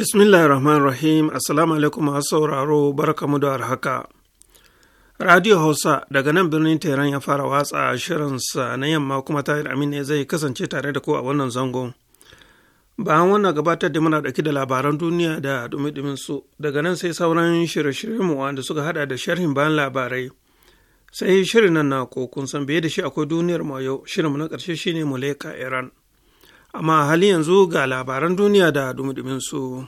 Bismillahi rahim Assalamu alaikum masu sauraro barkamu da haka. Radio Hausa daga nan birnin Tehran ya fara watsa shirinsa na yamma kuma Tahir Amin ne zai kasance tare da ko a wannan zangon. Bayan wannan gabatar da muna ɗauki da labaran duniya da dumi su daga nan sai sauran shirye-shiryen mu wanda suka hada da sharhin bayan labarai. Sai shirin nan na ko kun san bai da shi akwai duniyar mu yau shirin mu na ƙarshe shine Muleka Iran. amma hali yanzu ga labaran duniya da dumi su.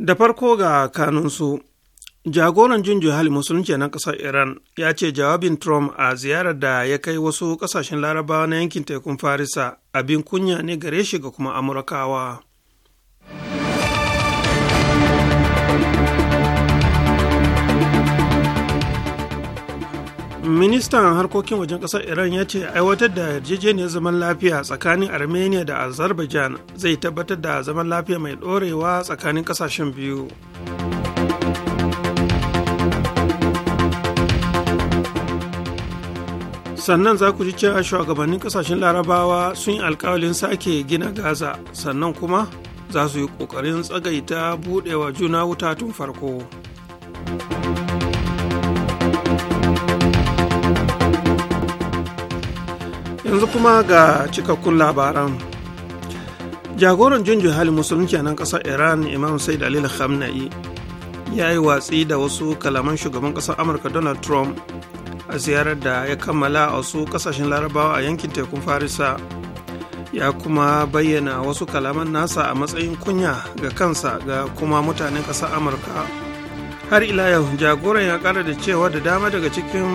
da farko ga kanunsu jagoran jin hali musulunci na ƙasar iran ya ce jawabin trump a ziyarar da ya kai wasu ƙasashen larabawa na yankin tekun farisa abin kunya ne gare shi ga kuma amurkawa ministan harkokin wajen ƙasar iran ya ce aiwatar da yarjejeniyar zaman lafiya tsakanin armenia da azerbaijan zai tabbatar da zaman lafiya mai ɗorewa tsakanin ƙasashen biyu sannan za ku ji cewa shugabannin ƙasashen larabawa sun yi alkawalin sake gina gaza sannan kuma za su yi ƙoƙarin tsagaita buɗewa juna wuta tun farko. yanzu kuma ga cikakkun labaran jagoran junjun halin musulunci a nan kasar iran imam said dalil khamnai ya yi watsi da wasu kalaman shugaban kasar amurka donald trump a ziyarar da ya kammala a wasu kasashen larabawa a yankin tekun farisa ya kuma bayyana wasu kalaman nasa a matsayin kunya ga kansa ga kuma mutanen kasar amurka har ila yau jagoran ya kara da cewa da dama daga cikin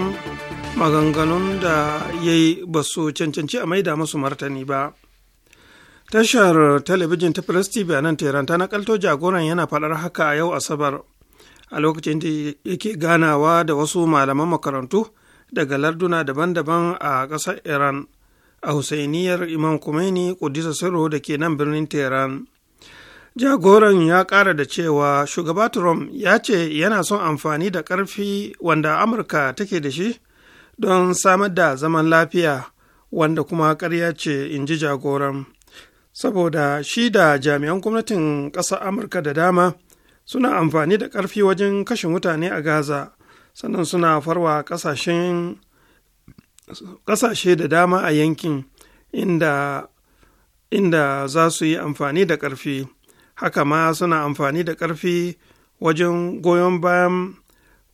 maganganun da ya yi ba su cancanci a maida musu martani ba tashar talabijin ta press a nan ta nakalto jagoran yana faɗar haka a yau asabar a lokacin da yake ganawa da wasu malaman makarantu daga larduna daban-daban a ƙasar iran a husainiyar imam Kumaini kudisa sirro da ke nan birnin tehran jagoran ya ƙara da cewa shugaba trump ya ce yana son amfani da ƙarfi wanda amurka take da shi don samar da zaman lafiya wanda kuma ƙarya ce in ji jagoran saboda shi da jami'an gwamnatin ƙasar amurka da dama suna amfani da ƙarfi wajen kashe mutane a gaza sannan suna farwa ƙasashe da dama a yankin inda, inda za su yi amfani da ƙarfi haka ma suna amfani da ƙarfi wajen goyon bayan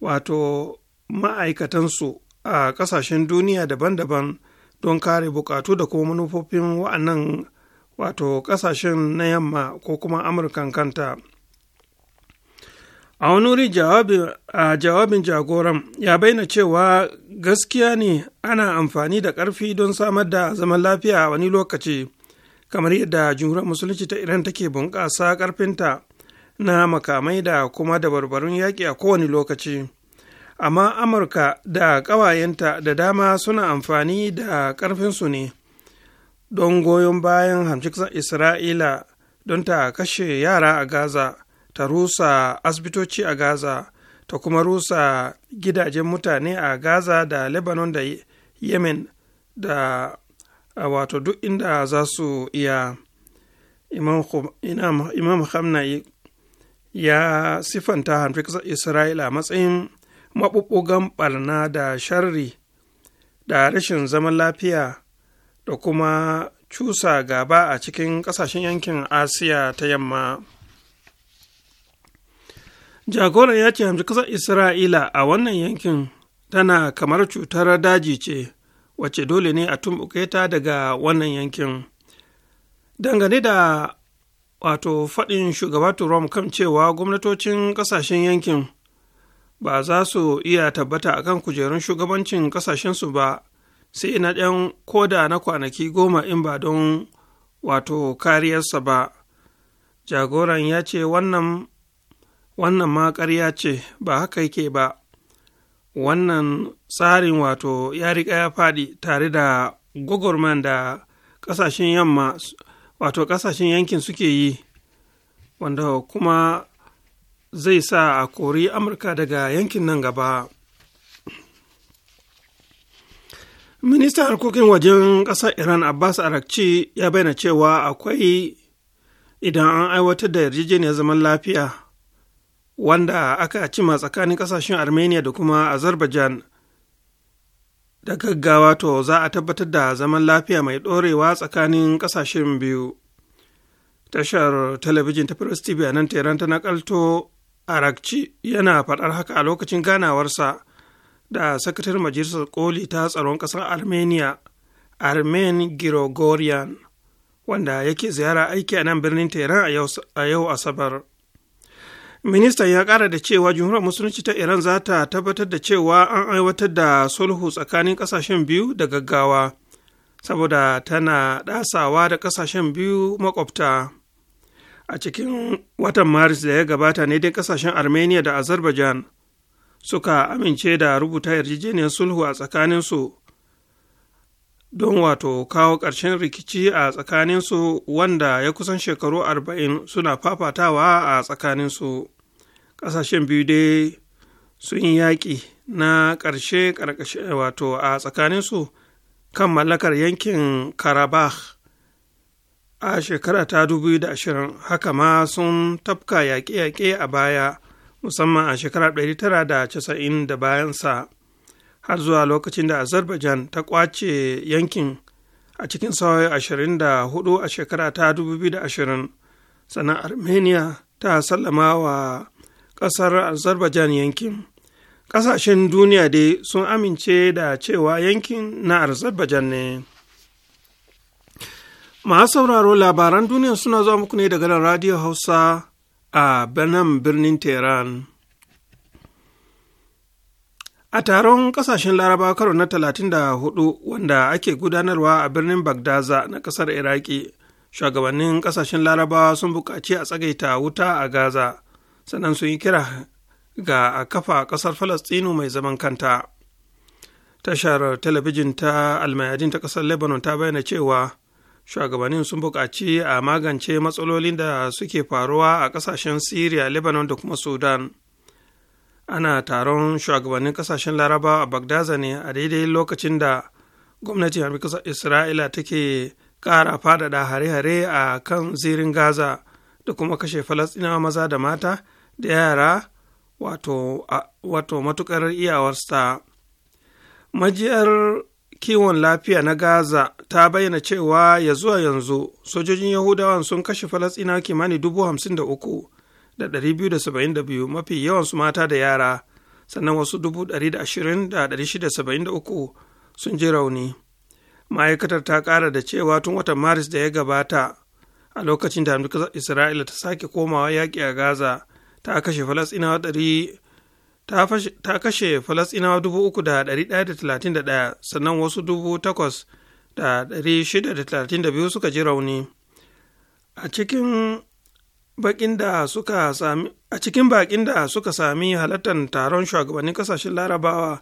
wato ma'aikatansu a ƙasashen duniya daban-daban don kare bukatu da kuma manufofin wa'annan wato ƙasashen na yamma ko kuma amurkan kanta a wani jawabin jagoran ya bayyana cewa gaskiya ne ana amfani da ƙarfi don samar da zaman lafiya a wani lokaci kamar yadda jumhuriyar musulunci ta iran take bunƙasa ƙarfinta na makamai da kuma dabarbarun yaƙi a kowane lokaci amma amurka da ƙawayenta da dama suna amfani da ƙarfinsu ne don goyon bayan hamshiksar isra'ila don ta kashe yara a gaza ta rusa asibitoci a gaza ta kuma rusa gidajen mutane a gaza da lebanon da yemen da wato duk inda za su iya imam, hamna ya sifanta hamshiksar isra'ila a matsayin maɓuɓɓugan ɓarna da sharri da rashin zaman lafiya da kuma cusa gaba a cikin ƙasashen yankin asiya ta yamma jagoran ya ce hamshi ƙasar isra'ila a wannan yankin tana kamar cutar daji ce wacce dole ne a tumɓuke ta daga wannan yankin dangane da wato faɗin shugaba trump kan cewa gwamnatocin ƙasashen yankin ba za su iya tabbata a kan kujerun shugabancin ƙasashensu ba sai na ɗan koda na kwanaki goma in ba don wato kariyarsa ba jagoran ya ce wannan wannan ma ƙarya ce ba haka yake ba wannan tsarin wato ya riƙa ya faɗi tare da gwagwarman da ƙasashen yamma wato ƙasashen yankin suke yi wanda kuma zai sa a kori amurka daga yankin nan gaba ministan harkokin wajen ƙasar iran abbas arakci ya bayyana cewa akwai idan an aiwatar da yarjejeniyar zaman lafiya wanda aka cima tsakanin ƙasashen armenia da kuma azerbaijan da gaggawa to za a tabbatar da zaman lafiya mai ɗorewa tsakanin ƙasashen biyu tashar talabijin ta press tv a nan tana arakci yana faɗar haka a lokacin ganawarsa da sakatar majalisar koli ta tsaron ƙasar armenia armen girogorian wanda yake ziyara aiki a nan birnin tehran a yau asabar ministan ya ƙara da cewa jumhuriyar musulunci ta iran za ta tabbatar da cewa an aiwatar da sulhu tsakanin ƙasashen biyu da gaggawa saboda tana ɗasawa da ƙasashen biyu makwabta a cikin watan maris da ya gabata ne dai kasashen armenia da azerbaijan suka amince da rubuta yarjejeniyar sulhu a tsakaninsu don wato kawo ƙarshen rikici a tsakaninsu wanda ya kusan shekaru arba'in suna fafatawa a tsakaninsu ƙasashen biyu dai sun yi yaƙi na ƙarshe wato a tsakaninsu kan mallakar yankin karabakh a shekara ta 2020 haka ma sun tafka yaƙe-yaƙe a baya musamman a shekarar 1990 da casa'in da bayansa har zuwa lokacin da azerbaijan ta kwace yankin a cikin sauyi 24 a shekara ta 2020 sannan armenia ta sallama wa ƙasar azerbaijan yankin ƙasashen duniya dai sun amince da cewa yankin na azerbaijan ne. Masu sauraro labaran duniya suna zuwa muku ne daga nan Radio Hausa a Benin birnin Tehran. A taron ƙasashen Laraba karo na 34 wanda ake gudanarwa a birnin Bagdaza na ƙasar Iraki, shugabannin ƙasashen larabawa sun buƙaci a tsagaita wuta a Gaza, sannan sun yi kira ga a kafa ƙasar Falastinu mai zaman kanta. Tashar talabijin ta almayadin ta ƙasar Lebanon ta bayyana cewa shugabannin sun buƙaci a magance matsalolin da suke faruwa a ƙasashen syria lebanon da kuma sudan ana taron shugabannin ƙasashen Laraba a bagdaza ne a daidai lokacin da gwamnatin harbi isra'ila take ƙara faɗaɗa hare-hare a kan zirin gaza da kuma kashe falasɗinawa maza da mata da yara wato, matuƙar iyawarsa. majiyar kiwon lafiya na Gaza ta bayyana cewa ya zuwa yanzu sojojin Yahudawan sun kashe Falasɗinawa kimanin dubu hamsin da uku da ɗari biyu da saba'in da biyu mafi yawansu mata da yara sannan wasu dubu ɗari da ashirin da ɗari shida saba'in da uku sun ji rauni. Ma'aikatar ta ƙara da cewa tun watan Maris da ya gabata a lokacin da Isra'ila ta sake komawa yaƙi a Gaza ta kashe Falasɗinawa ɗari ta kashe dubu uku da da talatin da ɗaya sannan wasu dubu suka ji rauni a cikin bakin da suka sami a cikin bakin da suka sami halartar taron shugabannin kasashen larabawa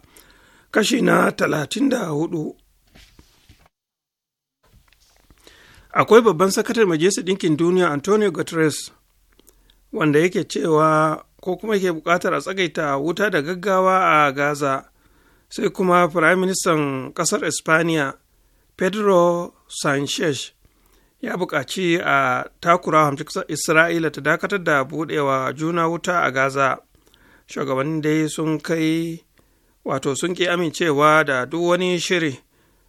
kashi na talatin da hudu. akwai babban sakatar majalisar ɗinkin duniya antonio guterres wanda yake cewa ko kuma ke bukatar a tsagaita wuta da gaggawa a gaza sai kuma firaministan ƙasar espaniya pedro sanchez ya buƙaci a takura hamci isra'ila ta dakatar da buɗewa juna wuta a gaza shugabannin dai sun kai wato sun ƙi amincewa da duk wani shiri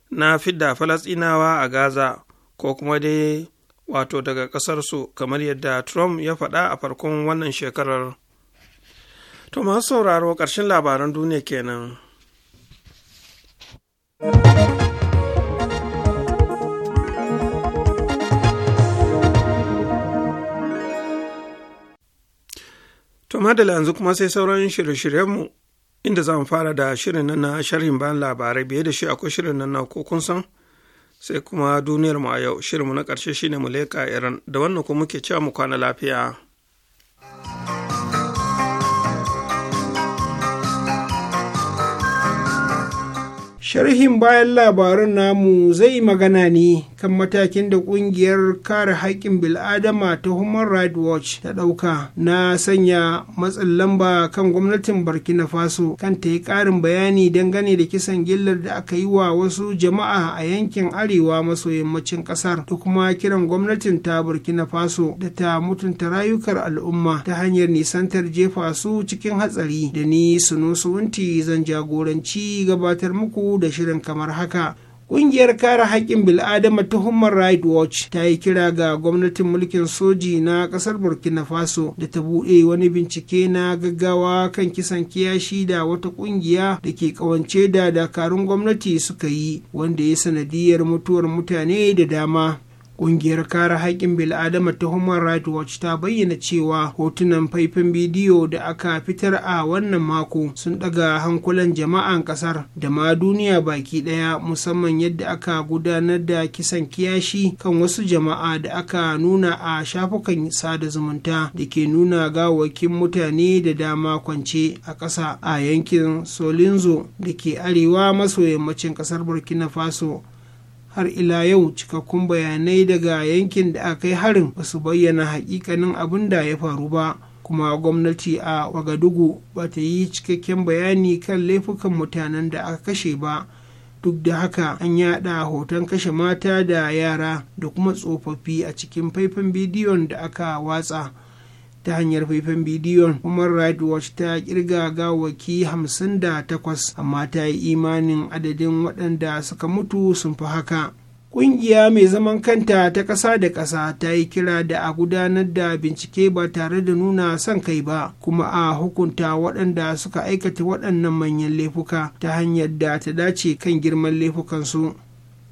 na fidda falasɗinawa a gaza ko kuma dai wato daga ƙasarsu kamar yadda trump ya faɗa a farkon wannan shekarar To masu sauraro ƙarshen labaran duniya kenan. To madala yanzu kuma sai sauran shirye-shiryenmu inda za mu fara da shirin nan na sharhin bayan labarai biye da shi akwai shirin nan na ko kun san sai kuma duniyarmu a yau shirinmu na ƙarshe shine mu leka Iran da wannan kuma muke cewa mu kwana lafiya. sharhin bayan labaran namu zai magana ne kan matakin da kungiyar kare haƙƙin bil'adama ta human rights watch ta ɗauka na sanya matsin lamba kan gwamnatin burkina faso kan ta yi ƙarin bayani dangane da kisan gillar da aka yi wa wasu jama'a a yankin arewa maso yammacin ƙasar da kuma kiran gwamnatin ta burkina faso da ta mutunta rayukar al'umma ta hanyar nisantar jefa su cikin hatsari da ni sunusu wunti zan jagoranci gabatar muku da shirin kamar haka Ƙungiyar kare haƙƙin bil'adama ta Human Rights Watch ta yi kira ga gwamnatin mulkin soji na ƙasar Burkina Faso da ta buɗe wani bincike na gaggawa kan kisan kiyashi da wata ƙungiya da ke ƙawance da dakarun gwamnati suka yi wanda ya sanadiyar mutuwar mutane da dama. Ƙungiyar kare haƙƙin bil'adama ta Human Rights Watch ta bayyana cewa hotunan faifin bidiyo da aka fitar a wannan mako sun ɗaga hankulan jama'an ƙasar da ma duniya baki ɗaya musamman yadda aka gudanar da kisan kiyashi kan wasu jama'a da aka nuna a shafukan sada zumunta da ke nuna gawakin mutane da dama kwance a ƙasa a yankin Solinzo da ke arewa maso yammacin ƙasar Burkina Faso har ila yau cikakkun bayanai daga yankin da aka yi harin ba su bayyana hakikanin abin da ya faru ba kuma gwamnati a wagadugu ba ta yi cikakken bayani kan laifukan mutanen da aka kashe ba duk da haka an yada hoton kashe mata da yara da kuma tsofaffi a cikin faifan bidiyon da aka watsa ta hanyar faifan bidiyon human rights watch ta kirga gawaki hamsin da takwas amma ta yi imanin adadin waɗanda suka mutu sun fi haka Ƙungiya mai zaman kanta ta ƙasa da ƙasa ta yi kira da a gudanar da bincike ba tare da nuna son kai ba, kuma a hukunta waɗanda suka aikata waɗannan manyan laifuka ta hanyar da ta dace kan girman laifukansu.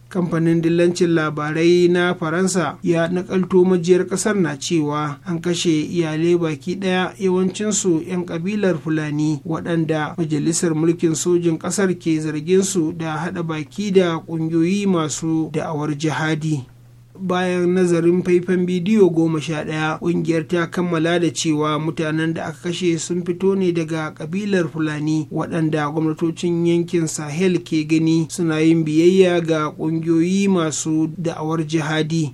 kamfanin dillancin labarai na faransa ya nakalto majiyar kasar na cewa an kashe iyalai baki daya yawancinsu 'yan kabilar fulani waɗanda majalisar mulkin sojin kasar ke zargin su da haɗa baki da ƙungiyoyi masu da'awar jihadi bayan nazarin faifan bidiyo goma sha ɗaya ƙungiyar ta kammala da cewa mutanen da aka kashe sun fito ne daga ƙabilar fulani waɗanda gwamnatocin yankin sahel ke gani suna yin biyayya ga ƙungiyoyi masu da'awar jihadi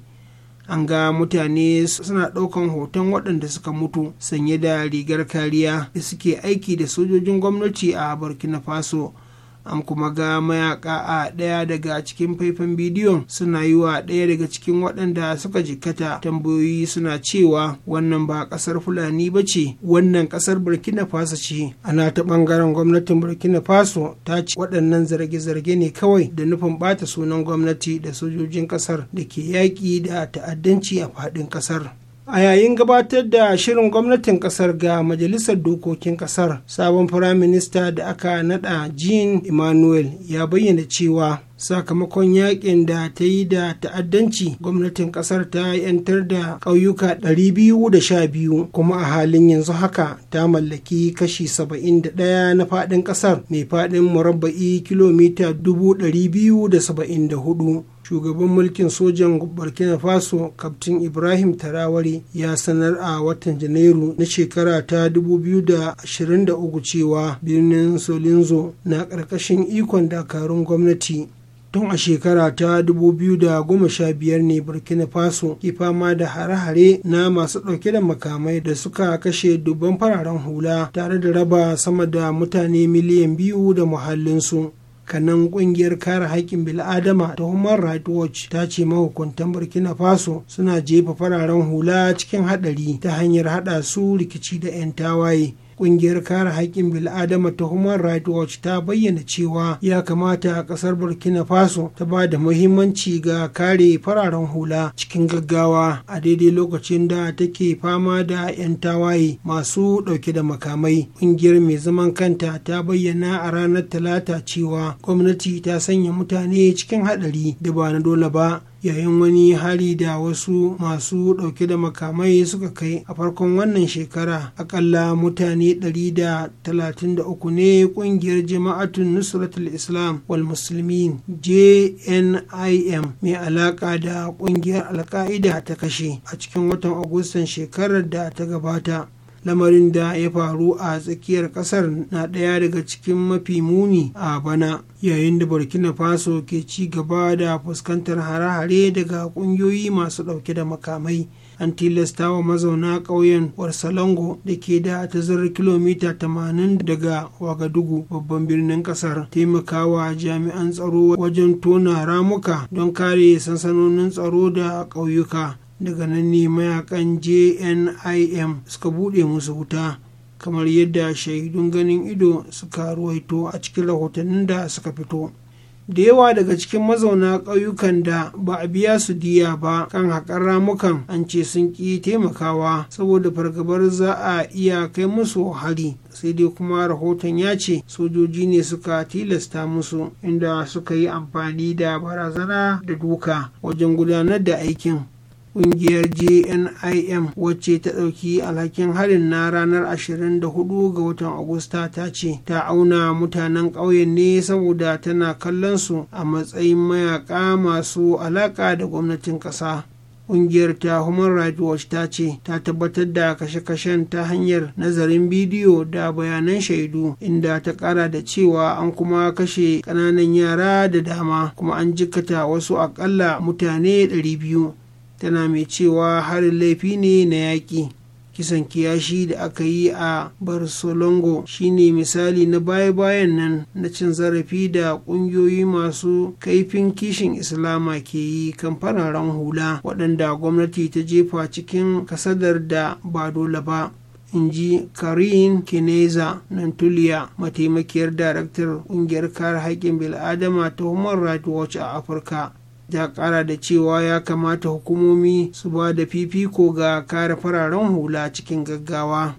an ga mutane suna ɗaukan hoton waɗanda suka mutu sanye da rigar kariya da suke aiki da sojojin gwamnati a burkina faso an kuma ga mayaka a ɗaya daga cikin faifan bidiyon suna yi wa ɗaya daga cikin waɗanda suka jikkata tambayoyi suna cewa wannan ba ƙasar fulani ba ce wannan ƙasar burkina faso ce ana ta ɓangaren gwamnatin burkina faso ta ce waɗannan zarge-zarge ne kawai da nufin ɓata sunan gwamnati da sojojin ƙasar da ke yaƙi da ta'addanci a faɗin ƙasar a yayin gabatar da shirin gwamnatin kasar ga majalisar dokokin kasar sabon firaminista da aka nada jean emmanuel ya bayyana cewa sakamakon yakin da ta yi da ta'addanci gwamnatin kasar ta yantar da ƙauyuka 212 kuma a halin yanzu haka ta mallaki kashi 71 na faɗin ƙasar, mai faɗin murabba'i kilomita 274 shugaban mulkin sojan burkina faso kaftin ibrahim taraware ya sanar a watan janairu na shekara ta 2023 cewa birnin solinzo na ƙarƙashin ikon dakarun gwamnati tun a shekara ta 2015 ne burkina faso ke fama da hare-hare na masu ɗauke da makamai da suka kashe dubban fararen hula tare da raba sama da mutane miliyan biyu da muhallinsu kanan kungiyar kare haƙƙin bil'adama ta human rights watch ta ce mahukuntan burkina faso suna jefa fararen hula cikin haɗari ta hanyar haɗa su rikici da 'yan tawaye kungiyar kare haƙƙin bil'adama ta human rights watch ta bayyana cewa ya kamata a ƙasar burkina faso ta ba da muhimmanci ga kare fararen hula cikin gaggawa a daidai lokacin da take fama da 'yan tawaye masu ɗauke da makamai kungiyar mai zaman kanta ta bayyana a ranar talata cewa gwamnati ta sanya mutane cikin haɗari da ba na dole ba yayin wani hari da wasu masu ɗauke da makamai suka kai a farkon wannan shekara akalla mutane 133 ne ƙungiyar jama'atun nusratul islam wal musulmin jnim mai alaƙa da ƙungiyar alka'ida ta kashe a cikin watan agustan shekarar da ta gabata lamarin da ya faru a tsakiyar kasar na ɗaya daga cikin mafi muni a bana yayin da burkina faso ke ci gaba da fuskantar hare-hare daga ƙungiyoyi masu ɗauke da makamai an tilasta wa mazauna ƙauyen warsalongo da ke da tazarar kilomita 80 daga wagadugu babban birnin kasar taimakawa jami'an tsaro wajen tona ramuka don kare sansanonin tsaro da ƙauyuka daga nan ne mayakan jnim suka buɗe musu wuta kamar yadda shaidun ganin ido suka ruwaito a cikin rahotannin da suka fito da yawa daga cikin mazauna ƙauyukan da ba a biya su diya ba kan haƙar ramukan an ce sun ƙi taimakawa saboda fargabar za a iya kai musu hari sai dai kuma rahoton ya ce sojoji ne suka tilasta musu inda suka yi amfani da barazana da duka wajen gudanar da aikin kungiyar jnim wacce ta ɗauki alhakin harin na ranar 24 ga watan agusta ta ce ta auna mutanen ƙauyen ne saboda tana kallon su a matsayin mayaka masu alaƙa da gwamnatin ƙasa Ƙungiyar ta Human Rights Watch ta ce ta tabbatar da kashe-kashen ta hanyar nazarin bidiyo da bayanan shaidu inda ta ƙara da cewa an kuma kashe ƙananan yara da dama kuma an jikata wasu akalla mutane 200. tana mai cewa harin laifi ne na yaƙi kisan kiyashi da aka yi a barcelongo shine misali na baya-bayan nan na cin zarafi da ƙungiyoyi masu kaifin kishin islama ke yi kan fararen hula waɗanda gwamnati ta jefa cikin kasadar da ba dole ba in ji karin kineza nantuliya mataimakiyar daraktar ƙungiyar kare haƙƙin bil'adama ta human rights watch a afirka ya kara da cewa ya kamata hukumomi su ba da fifiko ga kare fararen hula cikin gaggawa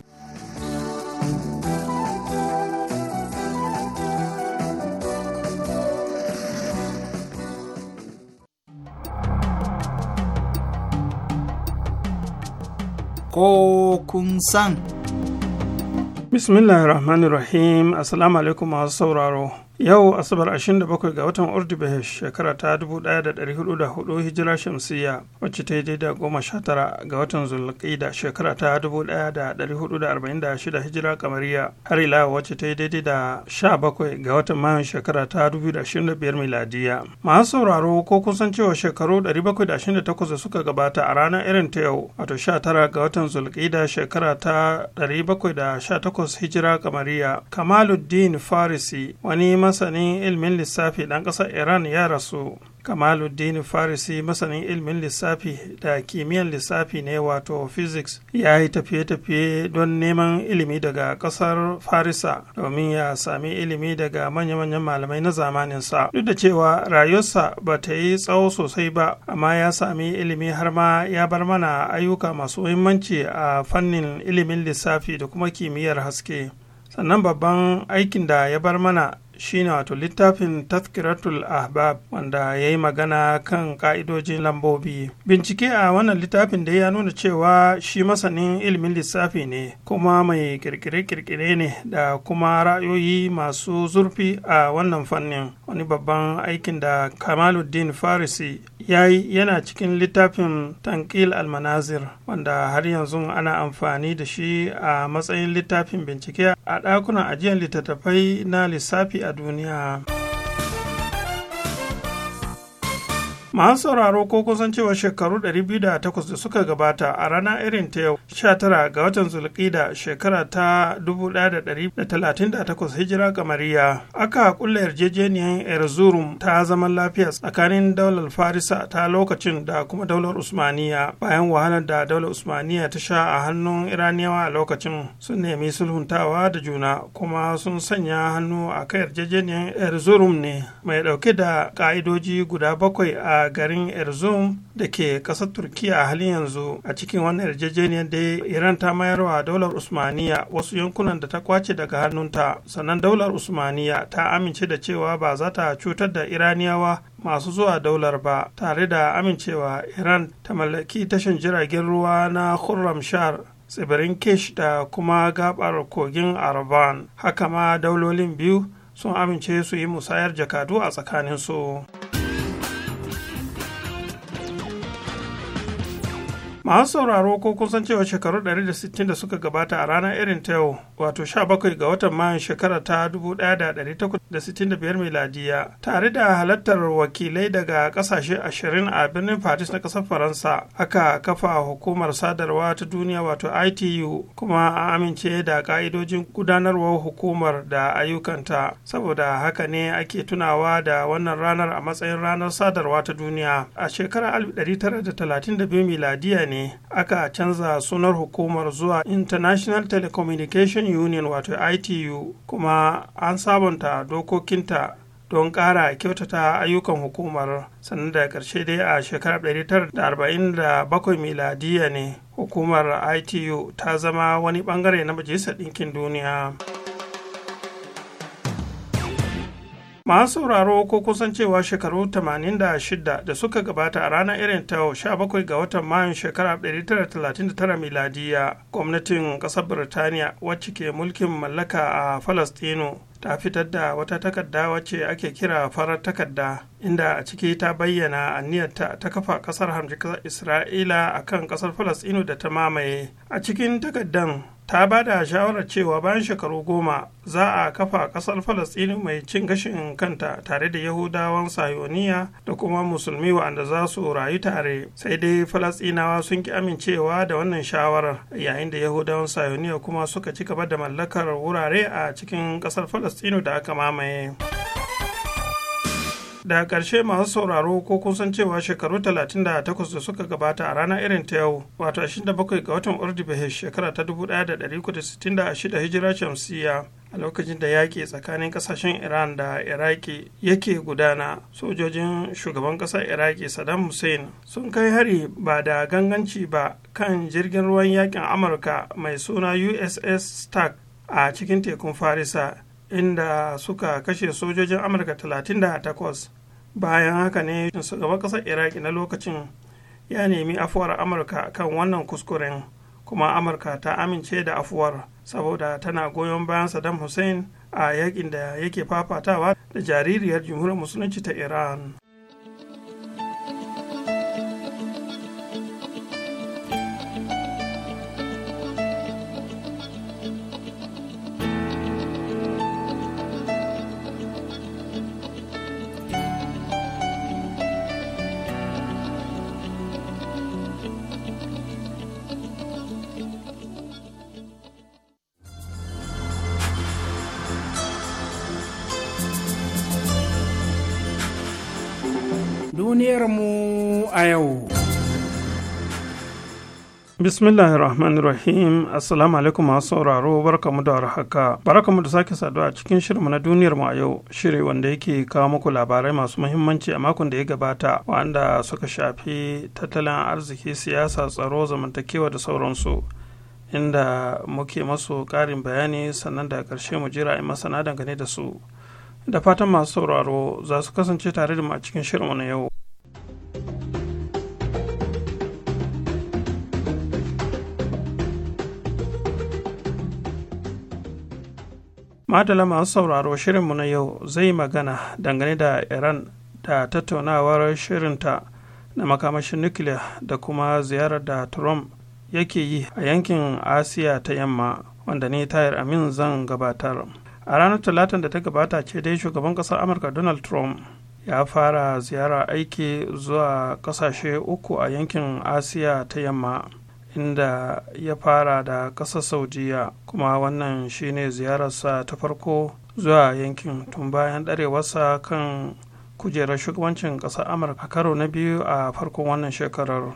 ko kun san bismillah rahim assalamu alaikum masu sauraro yau asabar 27 ga watan ordibahesh shekara ta 1404 hijira shamsiyya wacce ta yi daidai goma sha tara ga watan zulqaida shekara ta 1446 hijira kamariya har ila wacce ta yi daidai da 17 ga watan mayun shekara ta 2025 miladiya masu sauraro ko kusan cewa shekaru 728 da suka gabata a ranar irin ta yau wato 19 ga watan zulqaida shekara ta 718 hijira kamariya kamaluddin farisi wani masanin ilmin lissafi ɗan ƙasar iran ya rasu kamaluddin farisi masanin ilmin lissafi da kimiyyar lissafi ne wato physics ya yi tafiye-tafiye don neman ilimi daga ƙasar farisa domin ya sami ilimi daga manya-manyan malamai na zamaninsa duk da cewa rayuwarsa ba ta yi tsawo sosai ba amma ya sami ilimi har ma ya bar mana ayyuka masu muhimmanci a fannin ilimin lissafi da kuma kimiyyar haske sannan babban aikin da ya bar mana shine wato littafin tazkiratul ahbab wanda ya yi magana kan ka'idojin lambobi bincike a wannan littafin da ya nuna cewa shi masanin ilimin lissafi ne kuma mai kirkire-kirkire ne da kuma ra'ayoyi masu zurfi a wannan fannin wani babban aikin da kamaluddin farisi ya yi yana cikin littafin tankil almanazir wanda har yanzu ana amfani da shi a matsayin littafin bincike a ɗakunan ajiyar littattafai na lissafi a duniya masu sauraro ko kusan cewa shekaru 208 da suka gabata a rana irin ta yau 19 ga watan zulkida shekara ta 1138 hijira kamariya aka kulla yarjejeniyar erzurum ta zaman lafiya tsakanin daular farisa ta lokacin da kuma daular usmaniya bayan wahalar da daular usmaniya ta sha a hannun iraniyawa a lokacin sun nemi sulhuntawa da juna kuma sun sanya hannu a kan yarjejeniyar erzurum ne mai ɗauke da ƙa'idoji guda bakwai a a garin Erzurum da ke ƙasar Turkiya a halin yanzu a cikin wannan yarjejeniyar da Iran ta mayar wa daular Usmaniya wasu yankunan da ta kwace daga hannunta sannan daular Usmaniya ta amince da cewa ba za ta cutar da Iraniyawa masu zuwa daular ba tare da amincewa Iran ta mallaki tashin jiragen ruwa na Khurramshar tsibirin Kish da kuma gabar kogin Arban haka ma daulolin biyu sun amince su yi musayar jakadu a tsakaninsu. masu sauraro ko kun san cewa shekaru 160 da suka gabata a ranar irin ta yau wato 17 ga watan mayan shekara ta 1865 miladiya tare da halartar wakilai daga kasashe 20 a birnin paris na kasar faransa aka kafa hukumar sadarwa ta duniya wato itu kuma a amince da ka'idojin gudanarwar hukumar da ayyukanta saboda haka ne ake tunawa da wannan ranar a matsayin ranar sadarwa ta duniya a shekarar 1932 miladiya ne ne aka canza sunar hukumar zuwa international telecommunication union wato itu kuma an sabunta dokokinta don ƙara kyautata ayyukan hukumar sannan da ƙarshe dai a shekarar 1947 miladiya ne hukumar itu ta zama wani bangare na majalisar ɗinkin duniya. masu sauraro ko kusancewa shekaru 86 da suka gabata a ranar irin ta 17 ga watan mayun shekarar 1939 miladiya gwamnatin kasar birtaniya wacce ke mulkin mallaka a falastino ta fitar da wata takarda wacce ake kira farar takarda inda a ciki ta bayyana aniyarta ta kafa kasar hamji kasar isra'ila akan kasar falastino da ta mamaye a cikin takardan ta ba da shawarar cewa bayan shekaru goma za a kafa ƙasar Falasɗinu mai cin gashin kanta tare da yahudawan sayoniya da kuma musulmi wa'anda za su rayu tare sai dai Falasɗinawa sun ki amincewa da wannan shawarar yayin da yahudawan sayoniya kuma suka ci gaba da mallakar wurare a cikin ƙasar Falasɗinu da aka mamaye. da ƙarshe masu sauraro ko kun san cewa shekaru 38 da suka gabata a ranar irin ta yau wato 27 ga watan ordibahesh shekara ta 1966 hijira shamsiya a lokacin da yaƙi tsakanin ƙasashen iran da iraki yake gudana sojojin shugaban ƙasar iraki saddam hussein sun kai hari ba da ganganci ba kan jirgin ruwan yaƙin amurka mai suna uss stark a cikin tekun farisa inda suka kashe sojojin amurka 38 bayan haka ne shugaban ƙasar iraki na lokacin ya nemi afuwar amurka kan wannan kuskuren kuma amurka ta amince da afuwar saboda tana goyon bayan saddam hussein a yakin da yake fafatawa da jaririyar jamhuriyar musulunci ta iran yau. Bismillahir Rahim Assalamu alaikum masu sauraro barkamu da warhaka barkamu da sake saduwa cikin shirinmu na duniyar mu a yau shiri wanda yake kawo muku labarai masu muhimmanci a makon da ya gabata wanda suka shafi tattalin arziki siyasa tsaro zamantakewa da sauransu inda muke masu ƙarin bayani sannan da karshe mu jira in masana dangane da su da fatan masu sauraro za su kasance tare da mu a cikin shirinmu na yau. madala masu sauraro shirinmu na yau zai magana dangane da iran da tattaunawar shirinta na makamashin nukiliya da kuma ziyarar da trump yake yi a yankin asiya ta yamma wanda ni tayar amin zan gabatar a ranar talatin da ta gabata ce dai shugaban kasar amurka donald trump ya fara ziyara aiki zuwa kasashe uku a yankin asiya ta yamma inda ya fara da ƙasar saudiya kuma wannan shine ziyararsa ta farko zuwa yankin tun bayan ɗarewarsa kan kujerar shugabancin ƙasar amurka karo na biyu a farkon wannan shekarar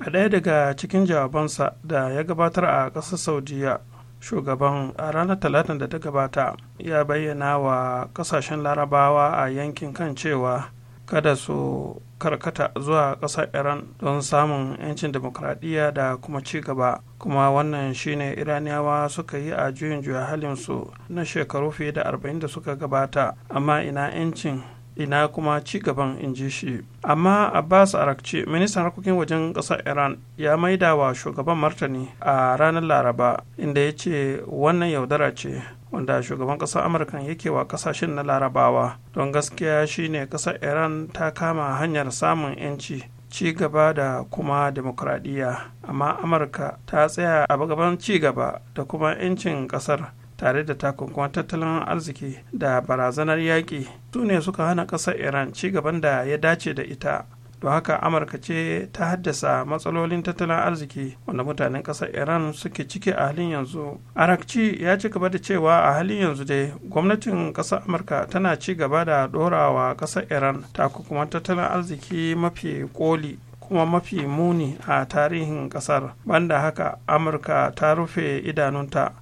a ɗaya daga cikin jawabansa da ya gabatar a ƙasar saudiya shugaban a ranar talatin da ta gabata ya bayyana wa ƙasashen larabawa a yankin kan cewa kada su karkata zuwa ƙasar iran don samun 'yancin demokradiyya da kuma ci gaba kuma wannan shine iraniyawa suka yi a juyin juya halinsu na shekaru fiye da 40 da suka gabata amma ina 'yancin ina kuma ci gaban in ji shi amma abbas arakci ministan harkokin wajen ƙasar iran ya maida wa shugaban martani a ranar laraba inda ya ce wannan yaudara ce wanda shugaban kasar amurka yake wa kasashen na larabawa don gaskiya shine kasar iran ta kama hanyar samun 'yanci ci gaba da kuma demokradiyya amma amurka ta tsaya a gaban ci gaba da kuma 'yancin ƙasar tare da takunkuman tattalin arziki da barazanar yaƙi su ne suka hana ƙasar iran ci gaban da ya dace da ita don haka amurka ce ta haddasa matsalolin tattalin arziki wanda mutanen kasar iran suke ciki a halin yanzu arakci ya ci gaba da cewa a halin yanzu dai gwamnatin kasar amurka tana ci gaba da dorawa kasar iran ta takunkuman tattalin arziki mafi koli kuma mafi muni a tarihin kasar banda haka amurka ta rufe idanunta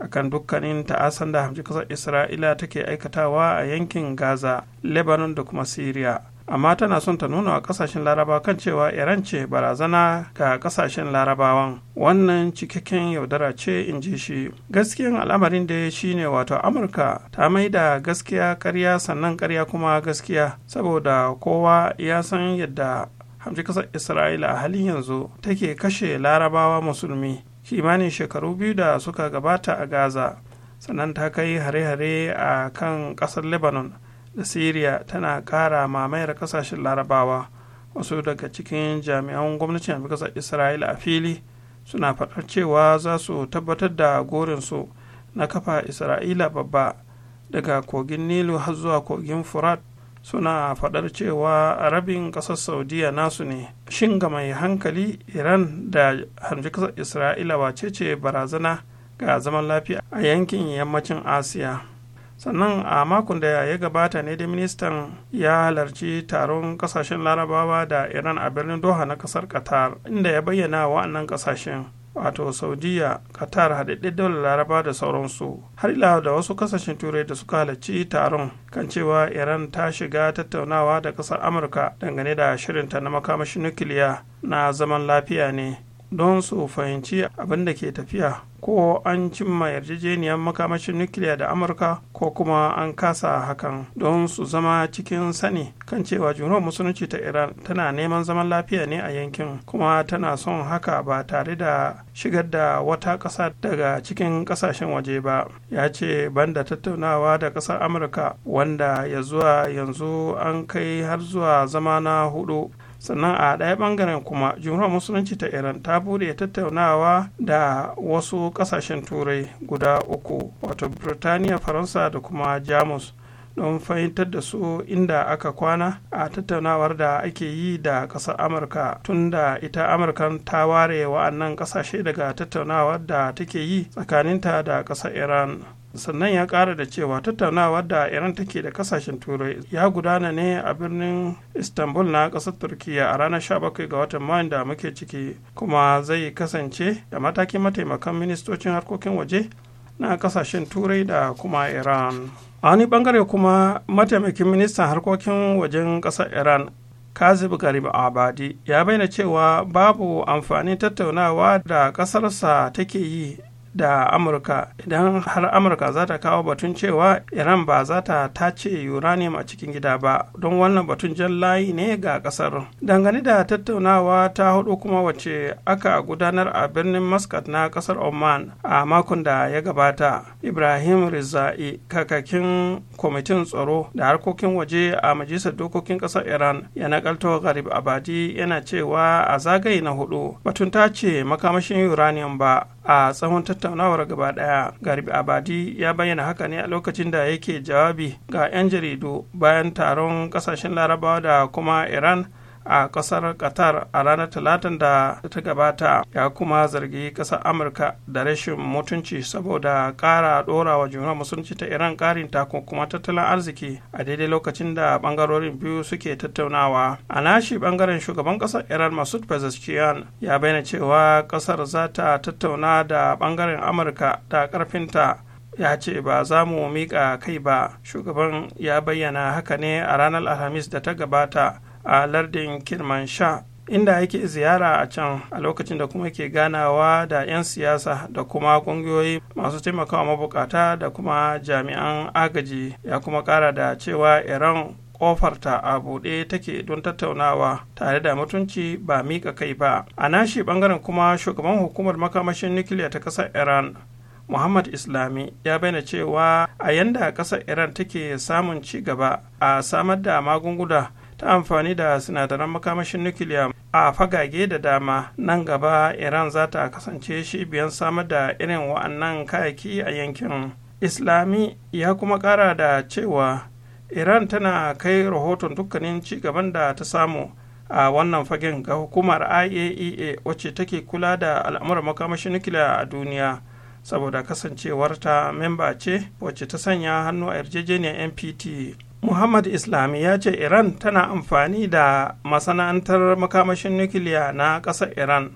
akan dukkanin ta'asan da hamji kasar isra'ila take aikatawa a yankin gaza lebanon da kuma syria amma tana son ta nuna wa kasashen laraba kan cewa iran ce barazana ga kasashen larabawan wannan cikakken yaudara ce in ji shi gaskiyan al'amarin da shi ne wato amurka ta mai da gaskiya karya sannan karya kuma gaskiya saboda kowa ya san yadda hamji kasar isra'ila a halin yanzu take kashe larabawa musulmi kimanin shekaru biyu da suka gabata a gaza sannan ta kai hare-hare a kan kasar lebanon da siriya tana kara mamayar kasashen larabawa wasu daga cikin jami'an gwamnatin kasar isra'ila a fili suna faɗar cewa za su tabbatar da gorinsu na kafa isra'ila babba daga kogin nilu har zuwa kogin furat suna fadar cewa a rabin ƙasar saudiya nasu ne shin ga mai hankali iran da harbi kasar isra'ila wace ce barazana ga zaman lafiya a yankin yammacin asiya sannan a makon da ya gabata ne da ministan ya halarci taron kasashen larabawa da iran a birnin doha na kasar qatar inda ya bayyana wa'annan kasashen wato saudiya qatar haɗaɗɗen daular laraba da sauransu har ila da wasu kasashen turai da suka halarci taron kan cewa iran ta shiga tattaunawa da kasar amurka dangane da shirinta na makamashin nukiliya na zaman lafiya ne don su fahimci abin da ke tafiya ko an cimma yarjejeniyar makamashin nukiliya da amurka ko kuma an kasa hakan don su zama cikin sani kan cewa juna musulunci ta iran tana neman zaman lafiya ne a yankin kuma tana son haka ba tare da shigar da wata ƙasa daga cikin ƙasashen waje ba ya ce banda tattaunawa da ƙasar amurka wanda ya zuwa yanzu an kai har zuwa zama na hudu sannan a ɗaya ɓangaren kuma jumhuriyar musulunci ta iran ta bude tattaunawa da wasu ƙasashen turai guda uku wato birtaniya faransa da kuma jamus don fahimtar da su inda aka kwana a tattaunawar da ake yi da ƙasar amurka tunda ita amurkan ta ware wa'annan ƙasashe daga tattaunawar da take yi tsakaninta da ƙasar iran sannan ya kara da cewa tattaunawa da iran take da kasashen turai ya gudana ne a birnin istanbul na kasar turkiya a ranar 17 ga watan mayu da muke ciki kuma zai kasance da matakin mataimakan ministocin harkokin waje na kasashen turai da kuma iran a wani bangare kuma mataimakin ministan harkokin wajen kasar iran kazib garib abadi ya bayyana cewa babu amfanin tattaunawa da kasarsa take yi da amurka idan har amurka za ta kawo batun cewa iran ba za ta tace uranium a cikin gida ba don wannan batun jan layi ne ga kasar dangane da tattaunawa ta hudu kuma wace aka gudanar a birnin muscat na kasar oman a makon da ya gabata ibrahim rizai kakakin kwamitin tsaro da harkokin waje a majalisar dokokin kasar iran ya nakalto garib abadi yana cewa a zagaye na hudu batun tace makamashin uranium ba a tsawon tattaunawar gaba daya garbi abadi ya bayyana haka ne a lokacin da yake jawabi ga 'yan jaridu bayan taron kasashen larabawa da kuma iran a kasar qatar a ranar talatin da ta gabata ya kuma zargi kasar amurka da rashin mutunci saboda kara dora wa jumhuriyar musulunci ta iran karin kuma tattalin arziki a daidai lokacin da bangarorin biyu suke tattaunawa a nashi bangaren shugaban kasar iran masud pezeshkian ya bayyana cewa kasar za ta tattauna da bangaren amurka da karfinta ya ce ba za mu miƙa kai ba shugaban ya bayyana haka ne a ranar alhamis da ta gabata a lardin Kirman Sha inda yake ziyara a can a lokacin da kuma ke ganawa da 'yan siyasa da kuma kungiyoyi masu taimakawa mabukata da kuma jami'an agaji ya kuma kara da cewa iran ƙofarta a buɗe take don tattaunawa tare da mutunci ba mika kai ba a nashi ɓangaren kuma shugaban hukumar makamashin nukiliya ta ƙasar iran Muhammad Islami ya bayyana cewa a yanda ƙasar Iran take samun ci gaba a samar da magunguna ta amfani da sinadaran makamashin nukiliya a fagage da dama nan gaba iran za ta kasance shi biyan samar da irin wa'annan kayaki a yankin islami ya kuma kara da cewa iran tana kai rahoton dukkanin gaban da ta samu a wannan fagen ga hukumar iaea e wacce take kula da al'amuran makamashin nukiliya a duniya saboda kasancewarta memba ce wacce ta sanya hannu a yarjejeniyar npt muhammad islami ya ce iran tana amfani da masana'antar makamashin nukiliya na ƙasar iran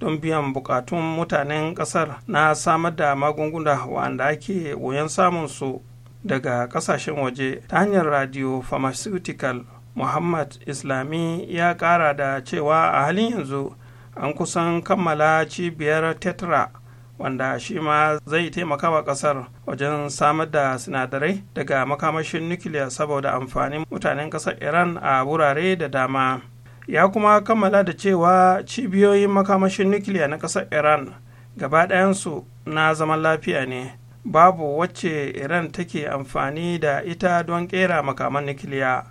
don biyan bukatun mutanen ƙasar na samar da magunguna wanda ake wuyan su daga ƙasashen waje ta hanyar radio pharmaceutical muhammad islami ya ƙara da cewa a halin yanzu an kusan kammala cibiyar tetra wanda shi ma zai taimaka wa kasar wajen samar da sinadarai daga makamashin nukiliya saboda amfanin mutanen kasar iran a wurare da dama ya kuma kammala da cewa cibiyoyin makamashin nukiliya na kasar iran gaba su na zaman lafiya ne babu wacce iran take amfani da ita don kera makaman nukiliya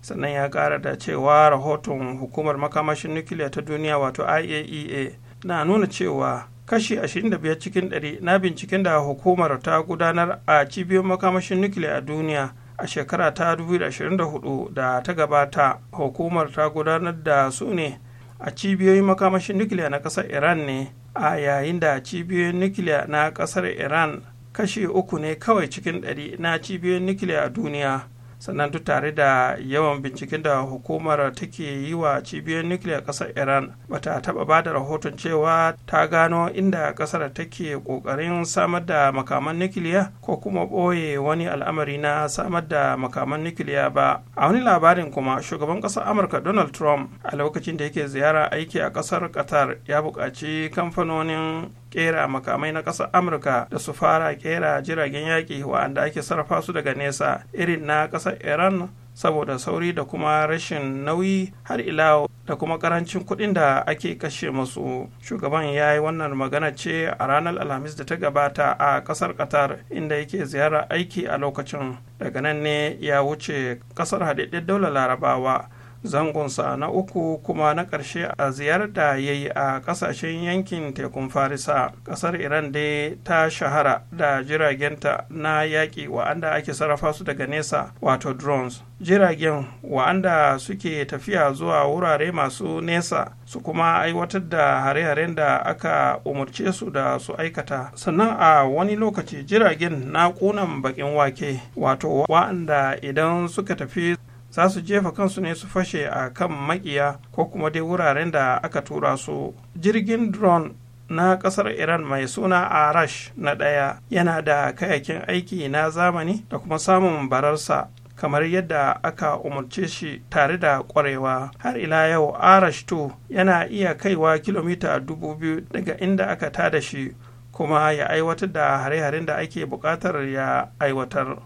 sannan ya ƙara da cewa rahoton hukumar makamashin nukiliya ta duniya wato iaea e na nuna cewa kashi 25 cikin 100 na binciken da hukumar ta gudanar a cibiyar makamashin nukiliya a duniya a shekara ta 2024 da ta gabata hukumar ta gudanar da su ne a cibiyoyin makamashin nukiliya na ƙasar iran ne a yayin da cibiyoyin nukiliya na ƙasar iran kashi uku ne kawai cikin ɗari na cibiyoyin nukiliya a duniya sannan duk tare da yawan binciken da hukumar take yi wa cibiyar nukiliyar ƙasar iran bata taba ba da rahoton cewa ta gano inda ƙasar take ƙoƙarin samar da makaman nukiliya ko kuma ɓoye wani al'amari na samar da makaman nukiliya ba a wani labarin kuma shugaban ƙasar amurka donald trump a lokacin da yake ziyara aiki a ƙasar qatar ya buƙaci kamfanonin kera makamai na ƙasar amurka da su fara kera jiragen yaƙi wa'anda ake sarrafa su daga nesa irin na ƙasar iran saboda sauri da kuma rashin nauyi har ila da kuma karancin kuɗin da ake kashe musu shugaban ya yi wannan magana ce a ranar alhamis da ta gabata a ƙasar qatar inda yake ziyarar aiki a lokacin daga nan ne ya wuce ƙasar haɗaɗɗen daular larabawa zangonsa na uku kuma na ƙarshe a ziyarar da ya yi a ƙasashen yankin tekun farisa ƙasar iran dai ta shahara da jiragenta na yaƙi wa'anda ake sarrafa su daga nesa wato drones jiragen wa'anda suke tafiya zuwa wurare masu nesa su kuma aiwatar da hare-haren da aka umarce su da su aikata sannan a wani lokaci jiragen na ƙunan baƙin wake wato wa'anda idan suka tafi za su jefa kansu ne su fashe a kan makiya ko kuma dai wuraren da aka tura su jirgin drone na kasar iran mai suna arash na daya yana da kayakin aiki na zamani da kuma samun bararsa kamar yadda aka umarce shi tare da kwarewa har ila yau arash 2 yana iya kaiwa kilomita 2000 daga inda aka tada shi kuma ya aiwatar da hare-haren da ake buƙatar ya aiwatar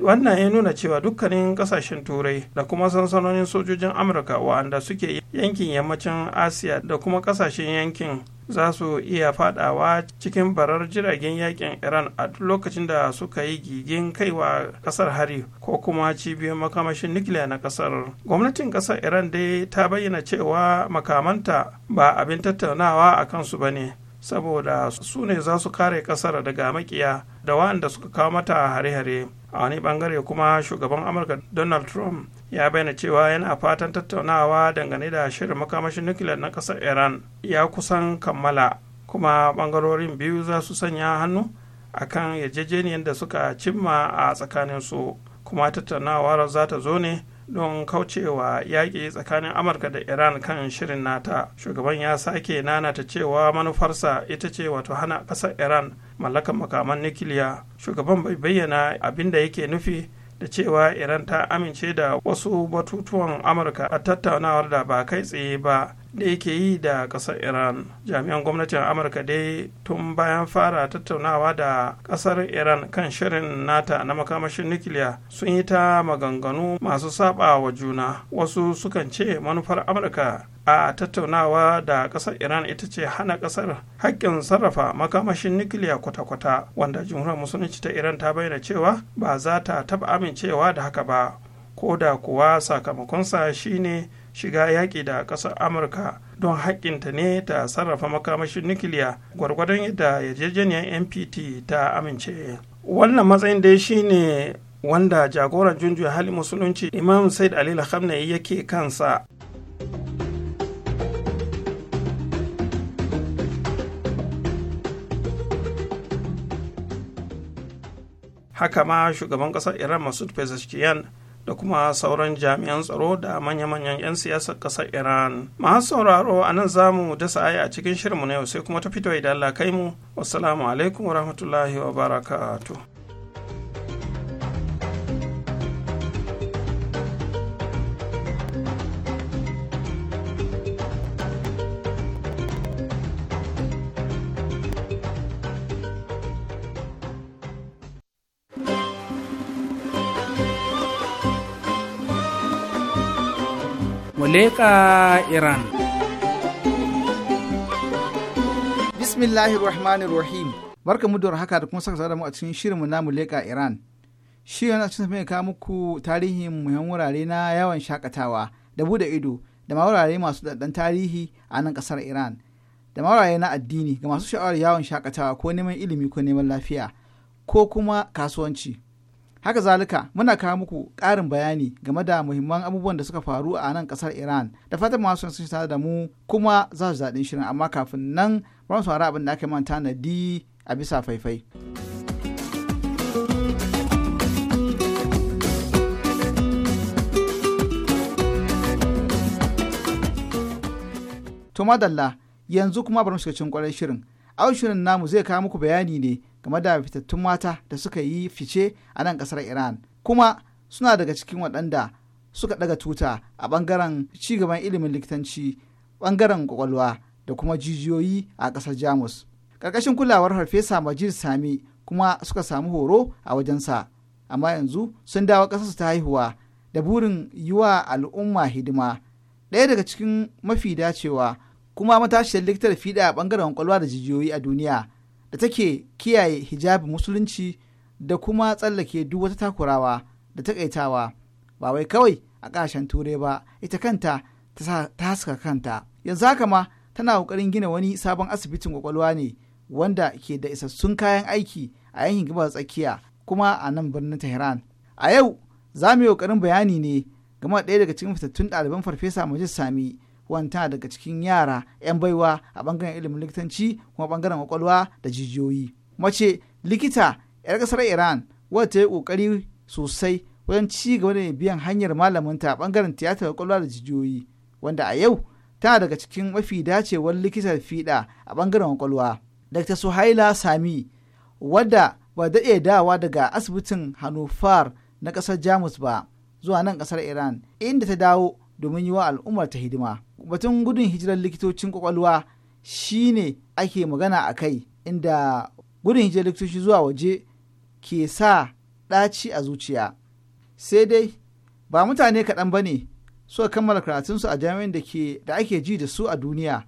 wannan ya nuna cewa dukkanin kasashen turai da kuma sansanonin sojojin amurka wa'anda suke yankin yammacin asiya da kuma kasashen yankin za su iya fadawa cikin barar jiragen yakin iran a duk lokacin da suka yi gigin kaiwa kasar hari ko kuma cibiyar makamashin nukiliya na kasar gwamnatin kasar iran dai ta bayyana cewa makamanta ba abin tattaunawa a kansu ba ne saboda su ne za su kare kasar daga makiya da waɗanda suka kawo mata hare-hare a wani bangare kuma shugaban amurka donald trump ya bayyana cewa yana fatan tattaunawa dangane da shirin makamashin nukiliyar na kasar iran ya kusan kammala kuma bangarorin biyu za su sanya hannu a kan yarjejeniyar da suka cimma a tsakaninsu kuma tattaunawar za ta zo ne don kaucewa yaƙi tsakanin amurka da iran kan shirin nata shugaban ya sake nanata cewa manufarsa ita ce wato hana ƙasar iran mallakan makaman nukiliya shugaban bai bayyana abin da yake nufi da cewa iran ta amince da wasu batutuwan amurka a tattaunawar da ba kai tsaye ba da yake yi da ƙasar iran jami'an gwamnatin amurka dai tun bayan fara tattaunawa da ƙasar iran kan shirin nata na makamashin nukiliya sun yi ta maganganu masu saba wa juna wasu sukan ce manufar amurka a tattaunawa da kasar iran ita ce hana kasar hakkin sarrafa makamashin nukiliya kwata-kwata wanda jumhuriyar musulunci ta iran ta bayyana cewa ba za ta taba amincewa da haka ba ko da kuwa sakamakonsa shine shiga yaƙi da ƙasar amurka don haƙƙinta ne ta sarrafa makamashin nukiliya gwargwadon yadda yarjejeniyar npt ta amince wannan matsayin dai shine wanda jagoran junjiyar hali musulunci imam said alila khamnai yake kansa haka ma shugaban ƙasar iran masud pezeshkian da kuma sauran jami'an tsaro da manya-manyan 'yan siyasar ƙasar iran masu sauraro a nan za mu dasa aya a cikin shirinmu na yau sai kuma ta fito idan Allah kai mu wasu alaikum rahmatullahi wa wabarakatuh leƙa iran bismillahir rahmanir rahim barka mu da haka da kuma saka da mu a cikin shirinmu na leƙa iran shi yana cikin mai kawo muku tarihin muhimman wurare na yawon shakatawa da bude ido da ma wurare masu daɗan tarihi a nan ƙasar iran da ma wurare na addini ga masu sha'awar yawon shakatawa ko neman ilimi ko neman lafiya ko kuma kasuwanci haka zalika muna kawo muku ƙarin bayani game da muhimman abubuwan da suka faru a nan ƙasar iran da fatan masu sun tare da mu kuma za su daɗin shirin amma kafin nan ba mu saurari abin da aka manta na di a bisa faifai. To madalla yanzu kuma bari mu shiga cikin kwarar shirin. namu zai kawo muku bayani ne game da fitattun mata da suka yi fice a nan kasar iran kuma suna daga cikin waɗanda suka daga tuta a ɓangaren cigaban ilimin likitanci ɓangaren kwakwalwa da kuma jijiyoyi a ƙasar jamus ƙarƙashin kulawar farfesa majid sami kuma suka samu horo a wajensa amma yanzu sun dawo ƙasarsu ta haihuwa da burin yi wa al'umma hidima ɗaya daga cikin mafi dacewa kuma matashiyar likitar fiɗa a ɓangaren kwakwalwa da jijiyoyi a duniya da take kiyaye hijabi musulunci da kuma tsallake duk wata takurawa da takaitawa ba wai kawai a ƙasashen turai ba ita kanta ta haska kanta yanzu haka ma tana ƙoƙarin gina wani sabon asibitin kwakwalwa ne wanda ke da isassun kayan aiki a yankin gabas tsakiya kuma a nan birnin tehran a yau za mu yi ƙoƙarin bayani ne game da ɗaya daga cikin fitattun ɗaliban farfesa majid sami wanta daga cikin yara 'yan baiwa a bangaren ilimin likitanci kuma bangaren kwakwalwa da jijiyoyi mace likita 'yar kasar iran wadda ta yi kokari sosai wajen ci gaba da biyan hanyar malaminta a bangaren tiyatar kwakwalwa da jijiyoyi wanda a yau tana daga cikin mafi dacewar likitar fiɗa a bangaren kwakwalwa dr suhaila sami wadda ba daɗe dawa daga asibitin hanufar na ƙasar jamus ba zuwa nan ƙasar iran inda ta dawo domin yi wa al'ummar ta hidima batun gudun hijirar likitocin kwakwalwa shine ake magana a kai inda gudun hijirar likitoci zuwa waje ke sa ɗaci a zuciya sai dai ba mutane kaɗan ba ne suka kammala karatunsu a jami'in da ake ji da su a duniya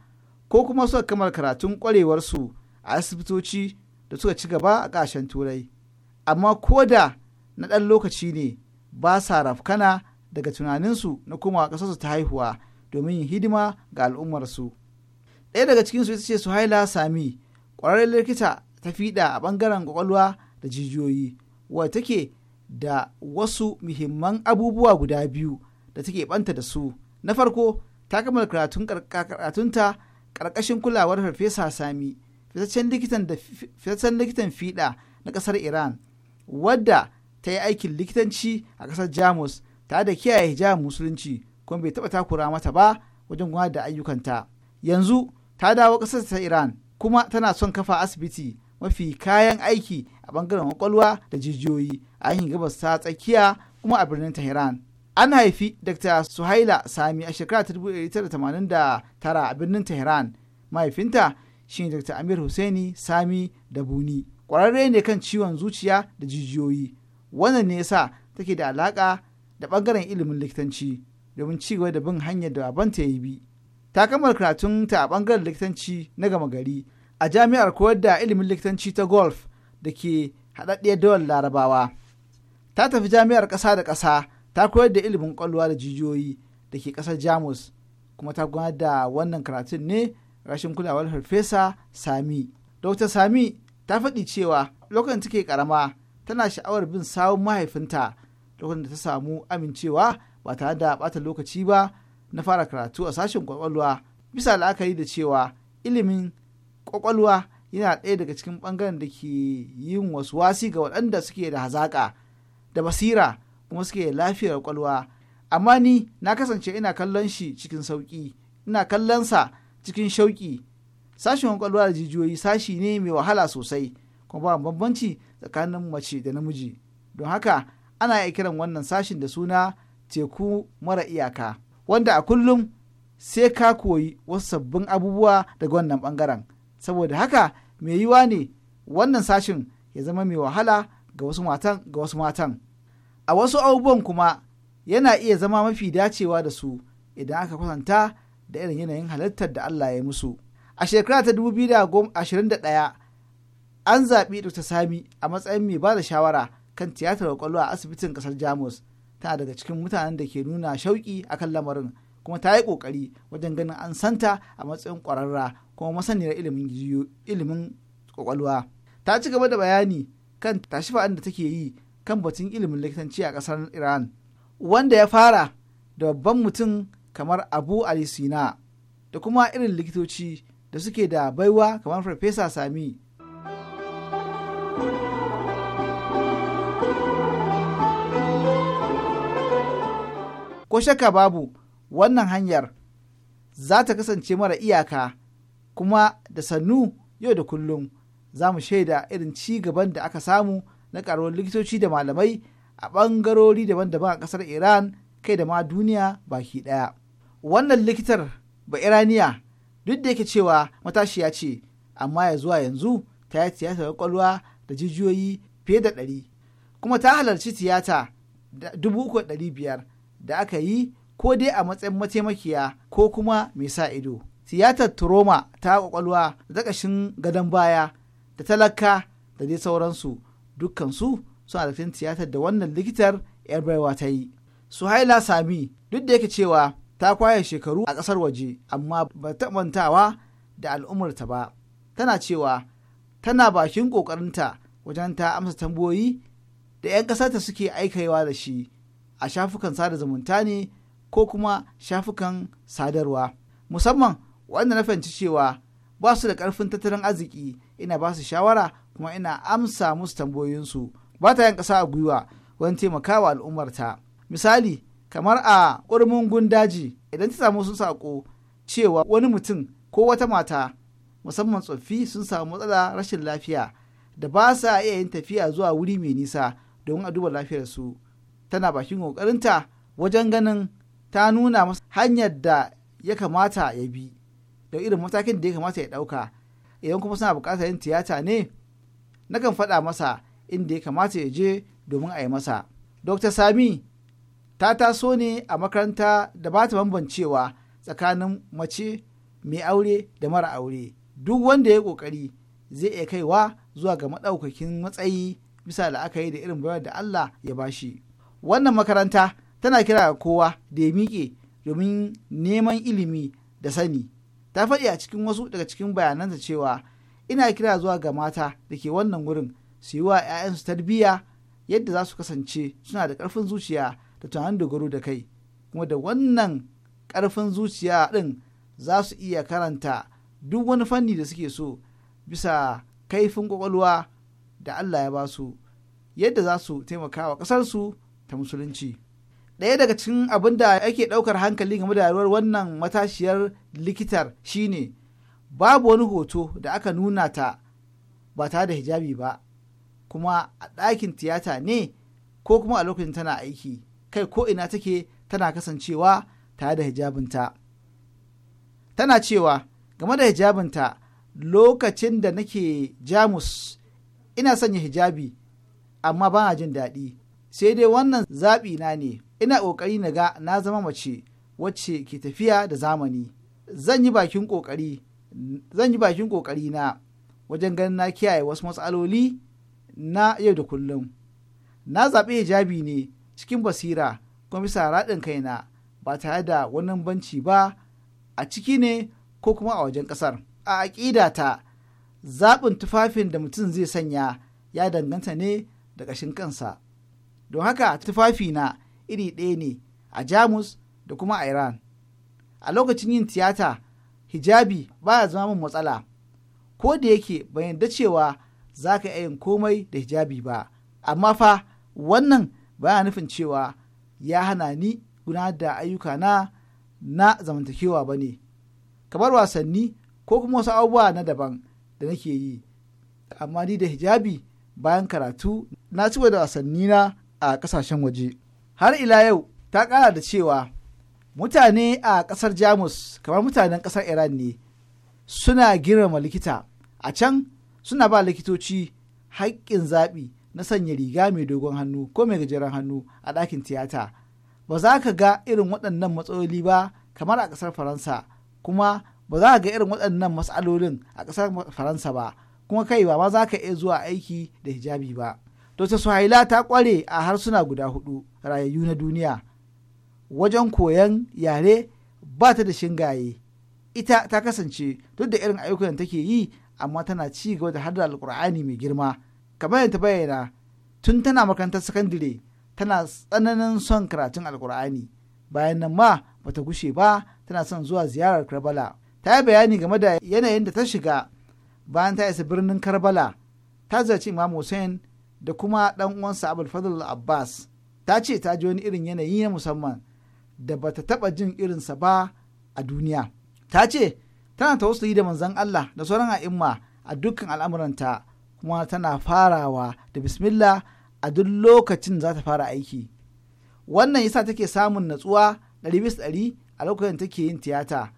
ko kuma suka kammala karatun ƙwarewarsu a asibitoci da suka ci gaba a ƙashen turai amma ko da na ɗan lokaci ne ba sa rafkana daga tunaninsu na komawa ƙasarsu ta haihuwa domin yin hidima ga al'ummarsu. Ɗaya daga cikinsu ita ce Suhaila Sami, ƙwararren likita ta fiɗa a ɓangaren ƙwaƙwalwa da jijiyoyi, wadda take da wasu muhimman abubuwa guda biyu da take ɓanta da su. Na farko, ta kammala karatunta ƙarƙashin kulawar Farfesa Sami, fitaccen likitan fiɗa na ƙasar Iran, wadda ta yi aikin likitanci a ƙasar Jamus ta da kiyaye hijabin musulunci kuma bai taɓa takura mata ba wajen gudanar da ayyukanta yanzu ta dawo ƙasar ta iran kuma tana son kafa asibiti mafi kayan aiki a bangaren kwakwalwa da jijiyoyi a yankin gabas ta tsakiya kuma a birnin tehran an haifi dr suhaila sami a shekara da tara a birnin tehran mahaifinta shine dr amir husaini sami da buni ƙwararre ne kan ciwon zuciya da jijiyoyi wannan ne yasa take da alaka. da ɓangaren ilimin likitanci domin ci gaba da bin hanyar da babanta ya bi. Ta kammala karatunta a ɓangaren likitanci na gama gari a jami'ar koyar da ilimin likitanci ta golf da ke haɗaɗɗiyar dawar larabawa. Ta tafi jami'ar ƙasa da ƙasa ta koyar da ilimin ƙwallowa da jijiyoyi da ke ƙasar Jamus kuma ta gudanar da wannan karatun ne rashin kulawar farfesa Sami. Dr. Sami ta faɗi cewa lokacin take ƙarama tana sha'awar bin sawun mahaifinta lokacin da ta samu amincewa ba tare da bata lokaci ba na fara karatu a sashen kwakwalwa bisa la'akari da cewa ilimin kwakwalwa yana ɗaya daga cikin ɓangaren da ke yin wasu wasi ga waɗanda suke da hazaƙa da basira kuma suke da lafiyar kwakwalwa amma ni na kasance ina kallon shi cikin sauƙi ina kallon sa cikin shauƙi sashen kwakwalwa da jijiyoyi sashi ne mai wahala sosai kuma ba bambanci tsakanin mace da namiji don haka ana iya kiran wannan sashin da suna teku mara iyaka wanda a kullum sai ka koyi wasu sabbin abubuwa daga wannan bangaren saboda haka mai yiwa ne wannan sashin ya zama mai wahala ga wasu matan ga wasu matan a wasu abubuwan kuma yana iya zama mafi dacewa da su idan aka kwatanta da irin yanayin halittar da Allah ya musu a shekara ta 2021 an zaɓi Dr. Sami a matsayin mai ba da shawara kan tiyatar kwakwalwa a asibitin kasar jamus tana daga cikin mutanen da ke nuna shauki kan lamarin kuma ta yi kokari wajen ganin an santa a matsayin kwararra kuma masaniyar ilimin ilimin kwakwalwa ta ci gaba da bayani kan tashi tashifa'an da take yi kan batun ilimin likitanci a kasar iran wanda ya fara da babban mutum kamar abu ali sina da kuma irin likitoci da suke da baiwa kamar farfesa sami thank you ko shakka babu wannan hanyar za ta kasance mara iyaka kuma da sannu yau da kullum za mu shaida irin ci gaban da aka samu na karuwar likitoci da malamai a ɓangarori daban-daban a ƙasar iran kai da ma duniya baki ɗaya wannan likitar ba iraniya duk da yake cewa matashiya ce amma ya zuwa yanzu ta yi tiyata kwakwalwa da jijiyoyi fiye da ɗari kuma ta halarci tiyata da dubu uku da ɗari biyar da aka yi ko dai a matsayin mataimakiya ko kuma mai sa ido. Tiyatar turoma ta kwakwalwa da ƙashin gadon baya da talaka da dai sauransu dukkansu suna da tiyatar da wannan likitar 'yar baiwa ta yi. Suhaila Sami duk da yake cewa ta kwaye shekaru a ƙasar waje amma ba ta mantawa da al'ummarta ba. Tana cewa tana bakin ƙoƙarinta wajen ta amsa tambayoyi da 'yan ƙasarta suke aikawa da shi a shafukan sada zumunta ne ko kuma shafukan sadarwa musamman wanda na fahimci cewa ba su da karfin tattalin arziki ina ba su shawara kuma ina amsa musu tambayoyinsu ba ta yin kasa a gwiwa wani taimakawa al'ummarta misali kamar a ƙurmin gundaji idan ta samu sun saƙo cewa wani mutum ko wata mata musamman tsoffi sun samu matsala rashin lafiya da ba sa iya yin tafiya zuwa wuri mai nisa domin a duba lafiyarsu tana bakin ƙoƙarinta wajen ganin ta nuna masa hanyar da ya kamata ya bi da irin matakin da ya kamata ya ɗauka idan kuma suna buƙatar yin tiyata ne nakan faɗa masa inda ya kamata ya je domin a yi masa dr sami ta taso ne a makaranta da ba ta bambancewa tsakanin mace mai aure da mara aure duk wanda ya ƙoƙari zai iya kaiwa zuwa ga maɗaukakin matsayi bisa la'akari da irin bayar da Allah ya bashi. wannan makaranta tana kira ga kowa da ya miƙe domin neman ilimi da sani ta faɗi a cikin wasu daga cikin bayananta cewa ina kira zuwa ga mata da ke wannan wurin su yi wa 'ya'yansu tarbiyya yadda za su kasance suna da ƙarfin zuciya da tunanin dogaro da kai kuma da wannan ƙarfin zuciya ɗin za su iya karanta duk wani fanni da suke so bisa kaifin ƙwaƙwalwa da Allah ya ba su yadda za su taimaka wa ƙasarsu ta musulunci ɗaya daga cikin abin da ake ɗaukar hankali game da yaruwar wannan matashiyar likitar shine babu wani hoto da aka nuna ta ba ta da hijabi ba kuma a ɗakin tiyata ne ko kuma a lokacin tana aiki kai ko ina take tana kasancewa tare da hijabinta tana cewa game da hijabinta lokacin da nake jamus ina sanya hijabi amma ba jin daɗi sai dai wannan zaɓi na ne ina ƙoƙari na ga na zama mace wacce ke tafiya da zamani zan yi bakin ƙoƙari na wajen ganin na kiyaye wasu matsaloli na yau da kullum na zaɓi hijabi ne cikin basira kuma bisa raɗin kaina ba tare da wannan banci ba a ciki ne ko kuma a wajen ƙasar a aƙidata zaɓin tufafin da mutum zai sanya ya danganta ne da ƙashin kansa don haka tufafi na iri ɗaya ne a jamus da kuma a iran a lokacin yin tiyata hijabi baya zama min matsala ko da yake bayan yarda cewa za ka iya yin komai da hijabi ba amma fa wannan baya nufin cewa ya hana ni gudanar da ayyuka na na zamantakewa ba ne kamar wasanni ko kuma wasu abubuwa na daban da nake yi amma ni da hijabi bayan karatu na ci da wasanni na a kasashen waje har ila yau ta ƙara da cewa mutane a ƙasar jamus kamar mutanen ƙasar iran ne suna girmama likita a can suna ba likitoci haƙƙin zaɓi na sanya riga mai dogon hannu ko mai gajeren hannu a ɗakin tiyata ba za ka ga irin waɗannan matsaloli ba kamar a ƙasar faransa kuma ba za ka ga irin waɗannan matsalolin a ƙasar faransa ba kuma kai ba ma za ka iya zuwa aiki da hijabi ba Dr. Suhaila ta ƙware a harsuna guda hudu rayayyu na duniya. Wajen koyon yare ba ta da shingaye. Ita ta kasance duk da irin ayyukan da take yi amma tana ci gaba da hadda alkur'ani mai girma. Kamar ta bayyana tun tana makarantar sakandire tana tsananin son karatun alkur'ani. Bayan nan ma bata gushe ba tana son zuwa ziyarar Karbala. Ta yi bayani game da yanayin da ta shiga bayan ta isa birnin Karbala. Ta zaci Imam Hussein da kuma ɗan uwansa abul abbas ta ce ta ji wani irin yanayi na musamman da bata taɓa jin irinsa ba a duniya ta ce tana tausayi da manzan allah da sauran a'imma a dukkan al'amuranta kuma tana farawa da bismillah a duk lokacin za ta fara aiki wannan yasa take samun natsuwa ɗari bis ɗari a lokacin take yin tiyata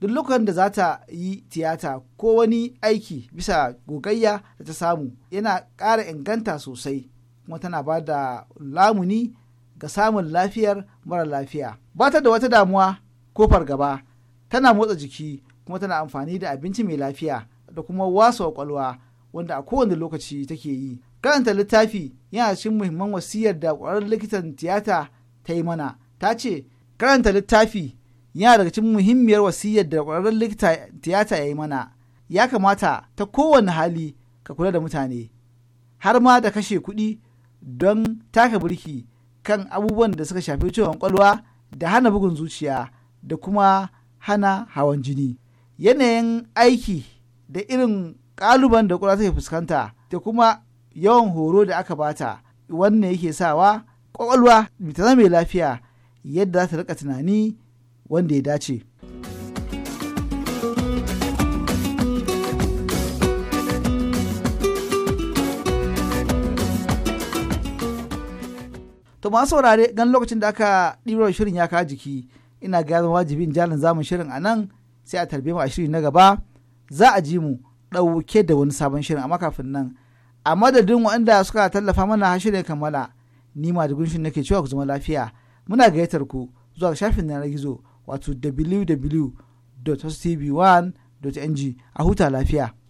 duk lokacin da za ta yi tiyata ko wani aiki bisa gogayya da ta samu yana ƙara inganta sosai kuma tana ba da lamuni ga samun lafiyar mara lafiya ba ta da wata damuwa ko fargaba tana motsa jiki kuma tana amfani da abinci mai lafiya da kuma wasu kwakwalwa wanda a kowane lokaci take yi karanta littafi yana cikin muhimman wasiyar da ƙwararren likitan tiyata ta yi mana ta ce karanta littafi yana daga cikin muhimmiyar wasiyar da ƙwararren likita tiyata ya yi mana ya kamata ta kowane hali ka kula da mutane har ma da kashe kuɗi don taka birki kan abubuwan da suka shafi ciwon kwalwa da hana bugun zuciya da kuma hana hawan jini yanayin aiki da irin ƙaluban da ƙura take fuskanta da kuma yawan horo da aka bata wannan yake sawa ƙwaƙwalwa mai lafiya yadda za ta rika tunani wanda ya dace. To masu saurare gan lokacin da aka ɗiro shirin ya kawo jiki ina ga zama wajibin jalin zamun shirin a nan sai a tarbe mu a shiri na gaba za a ji mu ɗauke da wani sabon shirin amma kafin nan a madadin waɗanda suka tallafa mana shirin kammala ni ma da gunshin nake cewa ku zama lafiya muna gayyatar ku zuwa shafin na gizo wato www.tv1.ng a huta lafiya.